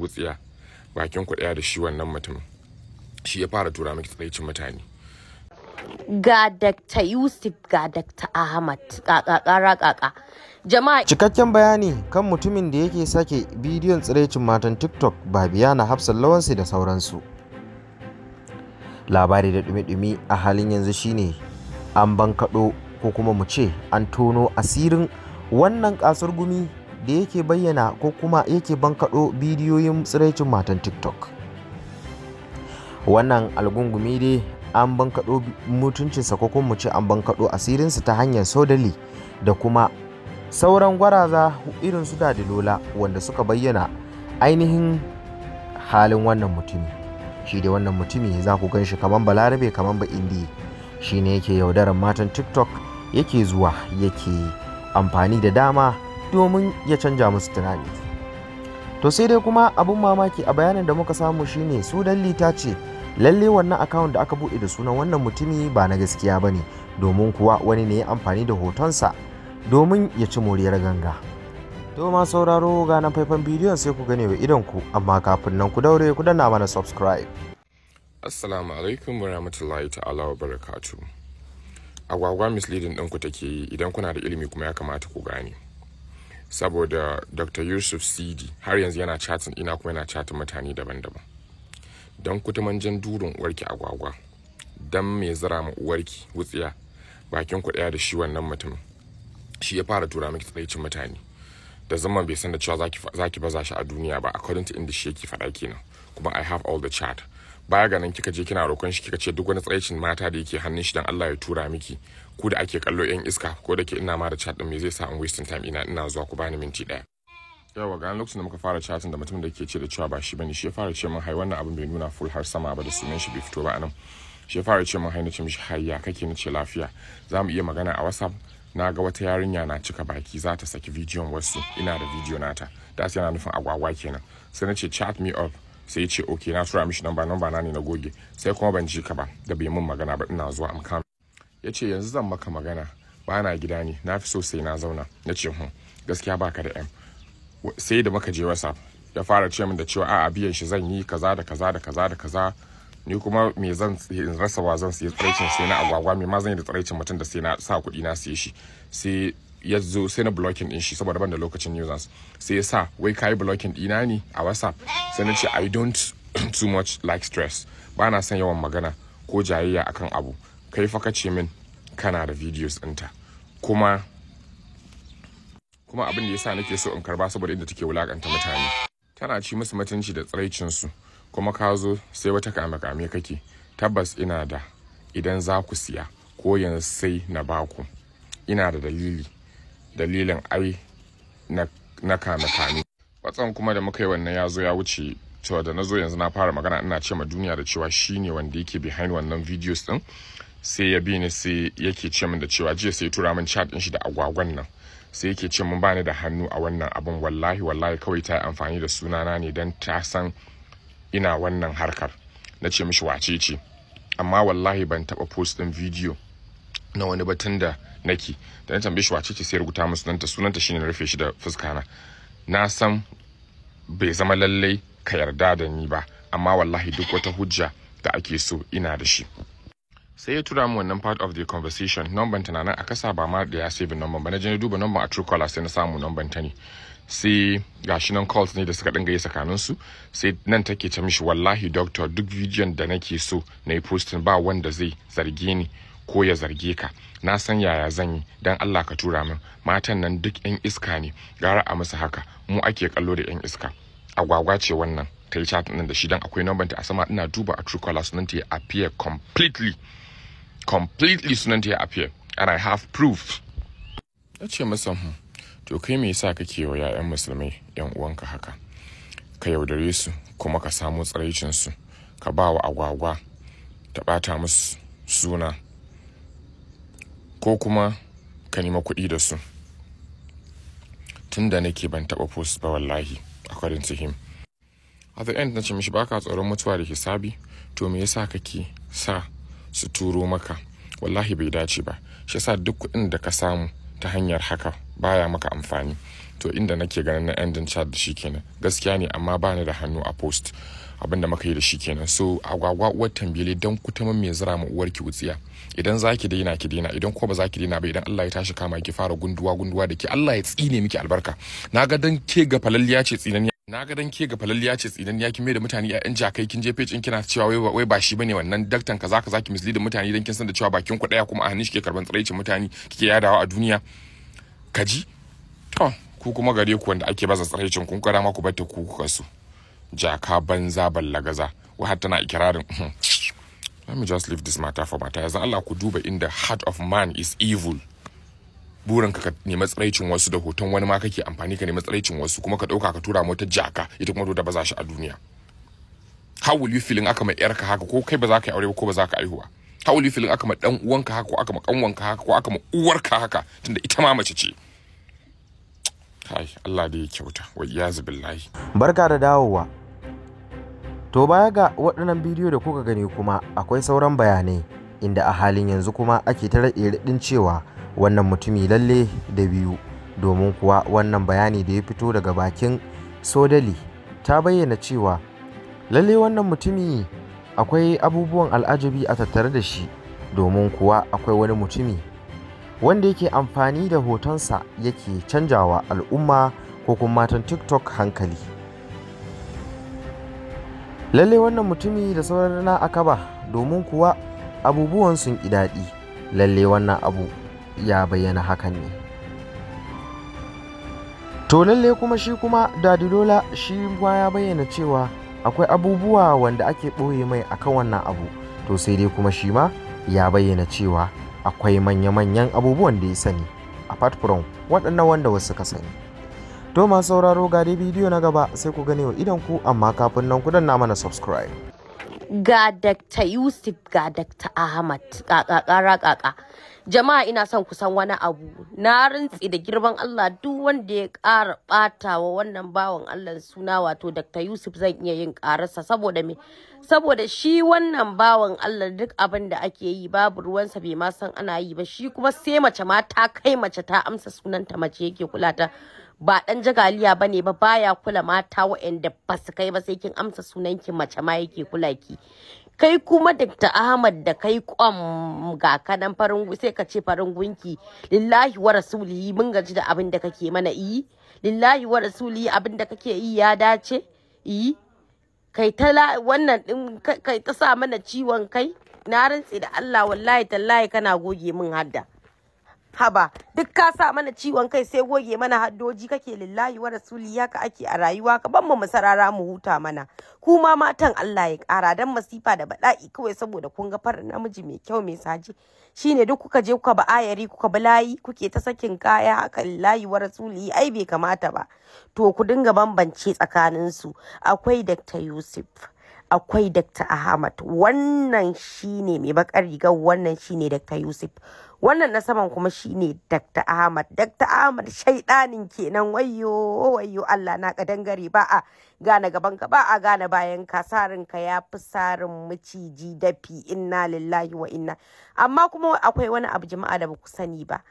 wutsiya bakin ku da shi wannan mutum shi ya fara tura miki tsaraicin mutane ga dakta Yusuf ga dakta Ahmad kakakara kaka jama'a cikakken bayani kan mutumin da yake sake bidiyon tsiraicin matan TikTok Babiyana Hafsan lawansu da sauransu labari da dumi-dumi a halin yanzu shine an bankaɗo ko kuma mu ce an tono asirin wannan kasar gumi da yake bayyana ko kuma yake bankaɗo bidiyoyin tsiraicin matan tiktok wannan algungumi dai an bankaɗo mutuncinsa ko kuma ce an bankaɗo asirinsa ta hanyar sodali da kuma sauran gwaraza irin su lola wanda suka bayyana ainihin halin wannan mutumi shi da wannan mutumi za ku gan shi kaman balarabe kaman ba indi shi ne yake yaudarar matan tiktok yake zuwa yake amfani da dama domin ya canja musu tunani to sai dai kuma abin mamaki a bayanin da muka samu shine su dalli ta ce lalle wannan akawun da aka buɗe da sunan wannan mutumi ba na gaskiya ba ne domin kuwa wani ne ya amfani da hotonsa domin ya ci moriyar ganga to ma sauraro ga nan faifan bidiyon sai ku gane wa idan ku amma kafin nan ku daure ku danna mana subscribe assalamu alaikum warahmatullahi ta'ala wa barakatuh agwagwa misleading ɗinku take yi idan kuna da ilimi kuma ya kamata ku gane saboda dr yusuf sidi har yanzu yana chatin ina kuma yana chatin mutane daban-daban don kutuman jan durin uwarki agwagwa don me zira ma uwarki wutsiya bakin ku daya da shi wannan mutum shi ya fara tura miki tsaicin mutane da zaman bai san da cewa zaki baza shi a duniya ba according to inda shi yake faɗa kenan kuma i have all the chat baya ga kika je kina roƙon shi kika ce duk wani tsaicin mata da yake hannun shi dan Allah ya tura miki ku da ake kallo yan iska ko da ke ina ma da chat din me zai sa an wasting time ina ina zuwa ku bani minti daya yawa ga lokacin da muka fara chatting da mutum da ke ce da cewa ba shi bane shi ya fara ce min hai wannan abin bai nuna full har sama ba da sunan shi bai fito ba anan shi ya fara ce min hai na ce mishi hai ya kake na ce lafiya za mu iya magana a whatsapp na ga wata yarinya na cika baki za ta saki bidiyon wasu ina da bidiyo nata da yana nufin agwagwa kenan sai na ce chat me up sai ce ok na tura mishi namba namba na ne na goge sai kuma ban ji ka ba da bai mun magana ba ina zuwa amka ya ce yanzu zan maka magana ba na gida ne na fi so sai na zauna na ce hun hmm, gaskiya ba ka da m sai da muka je whatsapp ya fara ce min da cewa a biyan shi zan yi kaza da kaza da kaza da kaza ni kuma me zan rasa wa zan siya tsaraicin sai na agwagwa me ma zan yi da tsaraicin mutum da sai na sa kuɗi na sai shi sai ya zo sai na blocking din shi saboda ban da lokacin news sai ya sa wai kayi blocking dina ne a whatsapp sai ce i don't too much like stress ba na son yawan magana ko jayayya akan abu kai fa ka ce min kana da videos ɗinta kuma kuma abin da yasa nake so in karba saboda inda take wulakanta mutane tana ci musu mutunci da su kuma ka zo sai wata kame-kame kake tabbas ina da idan za ku siya ko yanzu sai na baku ina da dalili dalilin ai na kame-kame batsan kuma da muka yi wannan ya zo ya wuce cewa da na zo yanzu na fara magana ina ce ma duniya da cewa shi ne wanda yake behind wannan videos din sai ya bi ni sai yake ce min da cewa jiya sai tura min chat din shi da agwagwan nan sai yake ce min bani da hannu a wannan abun wallahi wallahi kawai ta yi amfani da sunana ne dan ta san ina wannan harkar na ce mishi wace ce amma wallahi ban taba post din video na wani batun da nake da na tambaye shi wace ce sai rubuta min sunanta sunanta shine na rufe shi da fuskana na san bai zama lallai ka yarda da ni ba amma wallahi duk wata hujja da ake so ina da shi sai ya tura mu wannan part of the conversation numban ta nan a kasa ba ma da ya save numban ba na je duba numban a true Truecaller sai na samu numban ta ne sai gashi nan calls ne da suka dinga yi tsakanin su sai nan take ta mishi wallahi doctor duk bidiyon da nake so na yi posting ba wanda zai zarge ni ko ya zarge ka na san yaya zan yi don allah ka tura min matan nan duk yan iska ne gara a musu haka mu ake kallo da yan iska agwagwa ce wannan ta yi chat nan da shi don akwai number ta a sama ina duba a true color sunan ta ya appear completely completely sunan ta ya appear and i have proof ta ce masa hmm, to kai me yasa kake wa 'ya'yan musulmai 'yan uwanka haka ka yaudare su kuma ka samu tsaraicin su ka ba wa agwagwa ta bata musu suna ko kuma ka nima kuɗi da su tunda nake ban taɓa post ba wallahi according to him at the end na ce mishi baka tsoron mutuwa da hisabi to me yasa kake sa su turo maka wallahi bai dace ba shi yasa duk kuɗin da ka samu ta hanyar haka baya maka amfani to inda nake ganin na ending chat da shi kenan gaskiya ne amma ba ni da hannu a post abinda muka yi da shi kenan so agwagwa uwar tambile don kutumin mai zira ma uwar ki wutsiya idan za ki daina ki daina idan ko ba za ki daina ba idan Allah ya tashi kama ki fara gunduwa gunduwa da ke Allah ya tsine miki albarka na ga dan ke ga falalliya ce tsinaniya na ga dan ke ga falalliya ce tsinaniya kin mai da mutane yan jakai kin je page kina cewa wai wai ba shi bane wannan daktan kaza kaza ki mislead mutane dan kin san da cewa bakin ku daya kuma a hannun shi ke karban tsiraicin mutane kike yadawa a duniya kaji to ku kuma gare ku wanda ake baza tsaraicin kun kara bata ku ku kuka su jaka banza ballagaza wa har tana ikirarin hmm, let me just leave this matter for matter yanzu Allah ku duba inda heart of man is evil burin ka nemi tsaraicin wasu da hoton wani ma kake amfani ka nemi tsaraicin wasu kuma ka dauka ka tura mota jaka ita kuma ta baza shi a duniya how will you feeling aka mai ka haka ko kai ba za ka yi aure ba ko ba za ka aihuwa how will you feeling aka ma dan uwanka haka ko aka ma kanwanka haka ko aka ma uwarka haka tunda ita ma mace ce kai Allah da ya kyauta wa iyazu billahi barka da dawowa to baya ga waɗannan bidiyo da kuka gani kuma akwai sauran bayanai inda a halin yanzu kuma ake ta irin cewa wannan mutumi lalle da biyu domin kuwa wannan bayani da ya fito daga bakin sodali ta bayyana cewa lalle wannan mutumi akwai abubuwan al'ajabi a tattare da shi domin kuwa akwai wani mutumi wanda yake amfani da hotonsa yake canjawa al'umma ko kuma matan tiktok hankali lalle wannan mutumi da sauran na ba, domin kuwa abubuwan sun ƙi daɗi lalle wannan abu ya bayyana hakan ne to lalle kuma shi kuma dadidola shi kuma ya bayyana cewa akwai abubuwa wanda ake ɓoye mai akan wannan abu to sai dai kuma shi ma ya bayyana cewa akwai manya-manyan abubuwan da ya sani a part from waɗannan wanda wasu ka sani to masu sauraro ga dai bidiyo na gaba sai ku gane wa idan ku amma kafin nan ku danna mana subscribe ga Dr. Yusuf ga Dr. Ahmad kakakara kaka jama'a ina son ku san wani abu na rintsi da girman Allah duk wanda ya ƙara ɓata wa wannan bawan Allah suna wato Dr. Yusuf zan iya yin ƙararsa saboda me saboda shi wannan bawan Allah duk abin da ake yi babu ruwansa bai ma san ana yi ba shi kuma sai mace ma ta kai mace ta amsa sunanta mace yake kula ta ba dan jagaliya bane ba baya kula mata waɗanda ba su kai ba sai kin amsa sunanki mace ma yake kula ki kai kuma Dr. Ahmad da kai kwam ga kanan farin sai ka ce farin gunki lillahi wa rasulihi mun gaji da abin da kake mana yi lillahi wa rasulihi abin da kake yi ya dace yi kai ta wannan din kai ta sa mana ciwon kai na rantsi da Allah wallahi tallahi kana goge min hadda haba duk ka sa mana ciwon kai sai goge mana haddoji kake lillahi wa rasuli haka ake a rayuwa ka ban mu musarara mu huta mana kuma matan Allah ya kara dan masifa da bada'i kawai saboda kun ga farin namiji mai kyau mai saje shine duk kuka je kuka ba ayari kuka bi layi kuke ta sakin kaya haka lillahi wa rasuli ai bai kamata ba to ku dinga bambance tsakanin su akwai Dr. Yusuf akwai Dr. Ahmad wannan shine mai bakar rigar wannan shine Dr. Yusuf wannan na saman kuma shine Dr. Ahmad Dr. Ahmad shaidanin kenan wayyo wayyo Allah na ka dangare ba a gane gaban ka ba a gane bayan ka sarin ka ya fi sarin maciji dafi inna lillahi wa inna amma kuma akwai wani abu jama'a da ba ku sani ba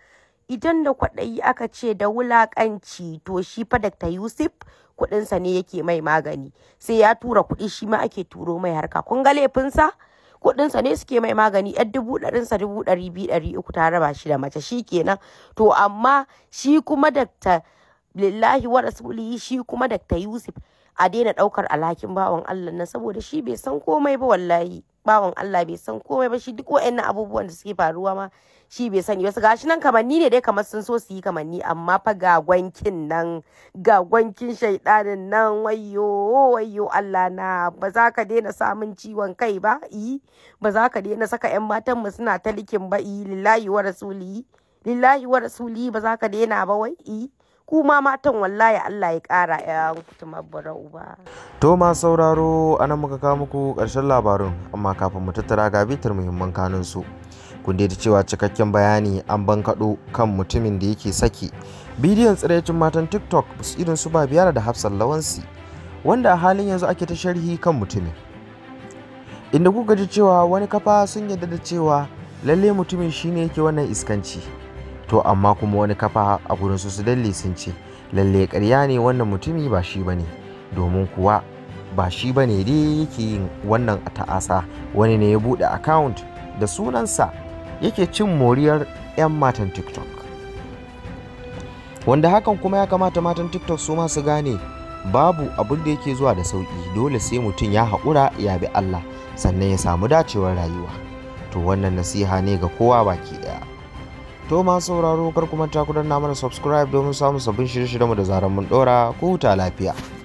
idan da kwaɗayi aka ce da wulaƙanci to shi fa Dr. Yusuf kuɗinsa ne yake mai magani sai ya tura kuɗi shi ma ake turo mai harka kun ga laifinsa kuɗinsa ne suke mai magani yan dubu ɗarinsa dubu ɗari biyu ɗari uku ta raba shi da mace shi kenan to amma shi kuma Dr. lillahi wa rasulihi shi kuma Dr. Yusuf a daina ɗaukar alhakin bawan Allah nan saboda shi bai san komai ba wallahi bawan Allah bai san komai ba shi duk wa'annan abubuwan da suke faruwa ma shi bai sani wasu gashi nan kamanni ne dai kamar sun so su yi kamanni amma fa ga gwankin nan ga gwankin shaidanin nan wayyo wayyo Allah na ba za ka daina samun ciwon kai ba yi ba za ka daina saka yan matan mu suna talikin likin ba yi lillahi wa rasuli lillahi wa rasuli ba za ka daina ba wai yi kuma matan wallahi Allah ya ƙara ya kutumar bara uba. To ma sauraro ana muka kawo muku ƙarshen labarin amma kafin mu tattara ga bitar muhimman kanun su. Kun da cewa cikakken bayani an bankaɗo kan mutumin da yake saki bidiyon tsiraicin matan TikTok irin su ba biyar da hafsan Lawansi wanda a halin yanzu ake ta sharhi kan mutumin. Inda kuka ji cewa wani kafa sun yarda da cewa lalle mutumin shine yake wannan iskanci. to amma kuma wani kafa a gurin su su dalle sun ce lalle ƙarya ne wannan mutumi ba shi bane domin kuwa ba shi bane dai yake yin wannan ta'asa wani ne ya buɗe account da sunansa yake cin moriyar 'yan matan tiktok wanda hakan kuma ya kamata matan tiktok su su gane babu abin da yake zuwa da sauƙi dole sai mutum ya haƙura ya bi allah sannan ya samu dacewar rayuwa to wannan nasiha ne ga kowa baki ɗaya to masu sauraro kar kuma ta na mana subscribe domin samun sabbin shirye-shiryenmu da zarar mun dora ku huta lafiya